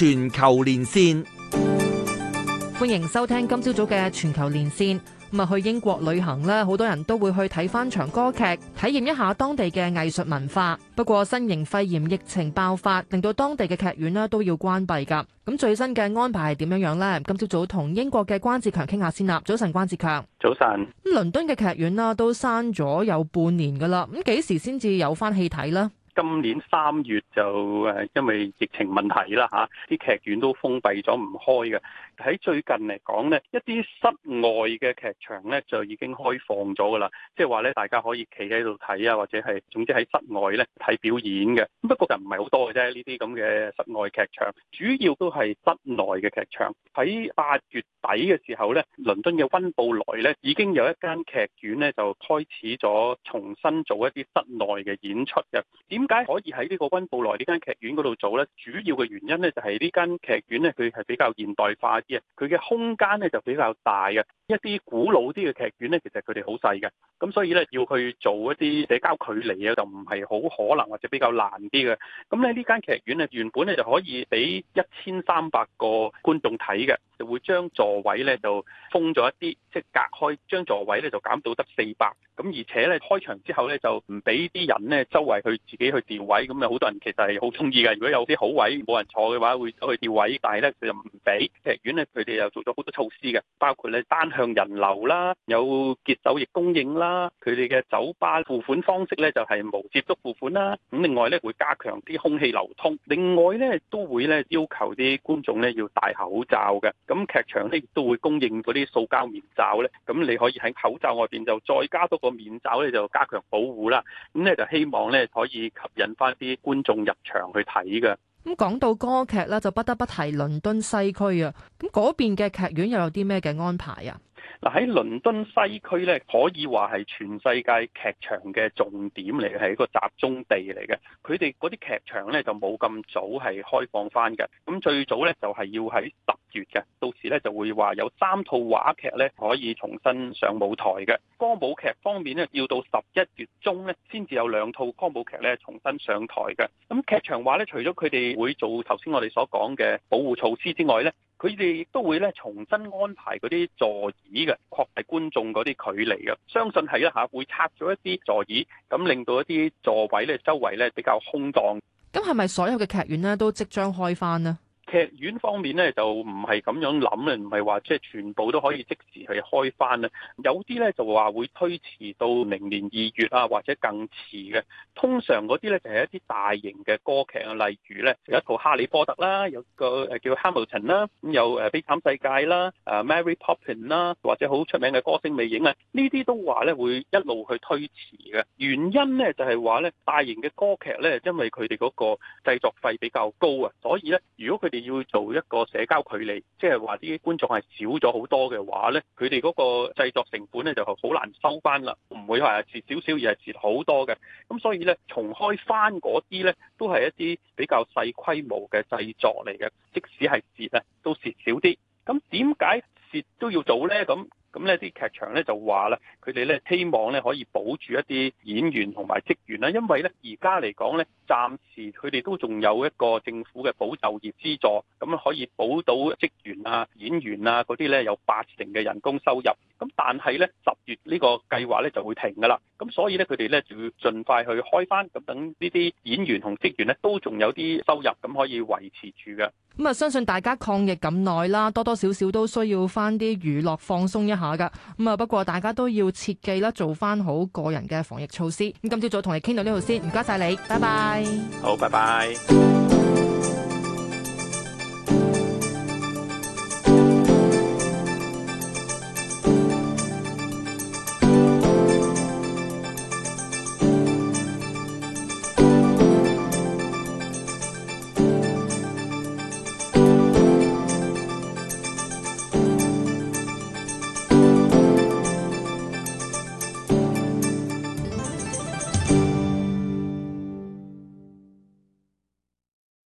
全球連線，歡迎收聽今朝早嘅全球連線。咁啊，去英國旅行咧，好多人都會去睇翻場歌劇，體驗一下當地嘅藝術文化。不過新型肺炎疫情爆發，令到當地嘅劇院咧都要關閉噶。咁最新嘅安排係點樣樣咧？今朝早同英國嘅關志強傾下先啦。早晨，關志強。早晨上。咁倫敦嘅劇院啦，都閂咗有半年噶啦。咁幾時先至有翻戲睇呢？今年三月就誒因為疫情問題啦吓啲劇院都封閉咗唔開嘅。喺最近嚟講咧，一啲室外嘅劇場咧就已經開放咗噶啦，即係話咧大家可以企喺度睇啊，或者係總之喺室外咧睇表演嘅。不過就唔係好多嘅啫，呢啲咁嘅室外劇場，主要都係室內嘅劇場。喺八月底嘅時候咧，倫敦嘅温布萊咧已經有一間劇院咧就開始咗重新做一啲室內嘅演出嘅。點解可以喺呢個溫布萊呢間劇院嗰度做呢？主要嘅原因呢，就係呢間劇院呢，佢係比較現代化啲啊，佢嘅空間呢，就比較大嘅。一啲古老啲嘅劇院呢，其實佢哋好細嘅，咁所以呢，要去做一啲社交距離啊，就唔係好可能或者比較難啲嘅。咁咧呢間劇院呢，原本呢，就可以俾一千三百個觀眾睇嘅，就會將座位呢，就封咗一啲，即係隔開，將座位呢，就減到得四百。咁而且呢，開場之後呢，就唔俾啲人呢，周圍去自己。去調位咁啊！好多人其實係好中意㗎。如果有啲好位冇人坐嘅話，會走去調位。但係咧佢又唔俾劇院咧，佢哋又做咗好多措施嘅，包括咧單向人流啦，有潔手液供應啦，佢哋嘅酒吧付款方式咧就係、是、無接觸付款啦。咁另外咧會加強啲空氣流通，另外咧都會咧要求啲觀眾咧要戴口罩嘅。咁劇場咧亦都會供應嗰啲塑膠面罩咧。咁你可以喺口罩外面就再加多個面罩咧，就加強保護啦。咁咧就希望咧可以。吸引翻啲觀眾入場去睇嘅。咁講到歌劇咧，就不得不提倫敦西區啊。咁嗰邊嘅劇院又有啲咩嘅安排啊？嗱，喺倫敦西區咧，可以話係全世界劇場嘅重點嚟嘅，係一個集中地嚟嘅。佢哋嗰啲劇場咧就，冇咁早係開放返嘅。咁最早咧就，係要喺十月嘅，到時咧就會話有三套話劇咧可以重新上舞台嘅。歌舞劇方面咧，要到十一月中咧先至有兩套歌舞劇咧重新上台嘅。咁劇場話咧，除咗佢哋會做頭先我哋所講嘅保護措施之外咧。佢哋亦都會咧重新安排嗰啲座椅嘅，擴大觀眾嗰啲距離嘅。相信係一下會拆咗一啲座椅，咁令到一啲座位咧周圍咧比較空蕩。咁係咪所有嘅劇院咧都即將開返呢？劇院方面咧就唔係咁樣諗啊，唔係話即係全部都可以即時去開翻啊，有啲咧就話會推遲到明年二月啊，或者更遲嘅。通常嗰啲咧就係一啲大型嘅歌劇啊，例如咧有一套《哈利波特》啦，有個誒叫《Hamilton》啦，咁有誒《悲慘世界》啦，誒《Mary Poppins》啦，或者好出名嘅歌星《魅影》啊，呢啲都話咧會一路去推遲嘅。原因咧就係話咧大型嘅歌劇咧，因為佢哋嗰個製作費比較高啊，所以咧如果佢哋要做一個社交距離，即係話啲觀眾係少咗好多嘅話呢，佢哋嗰個製作成本呢就好難收翻啦，唔會話蝕少少而係蝕好多嘅。咁所以呢，重開翻嗰啲呢都係一啲比較細規模嘅製作嚟嘅，即使係蝕呀都蝕少啲。咁點解蝕都要做呢？咁咁呢啲劇場呢就話呢，佢哋呢希望呢可以保住一啲演員同埋職員啦，因為呢而家嚟講呢。暫時佢哋都仲有一個政府嘅保就業資助，咁可以保到職員啊、演員啊嗰啲呢，有八成嘅人工收入。咁但係呢，十月呢個計劃呢就會停㗎啦，咁所以呢，佢哋呢就要盡快去開翻，咁等呢啲演員同職員呢，都仲有啲收入，咁可以維持住嘅。咁啊、嗯，相信大家抗疫咁耐啦，多多少少都需要翻啲娛樂放鬆一下㗎。咁啊，不過大家都要切記啦，做翻好個人嘅防疫措施。咁今朝早同你傾到呢度先，唔該晒你，拜拜。好，拜拜。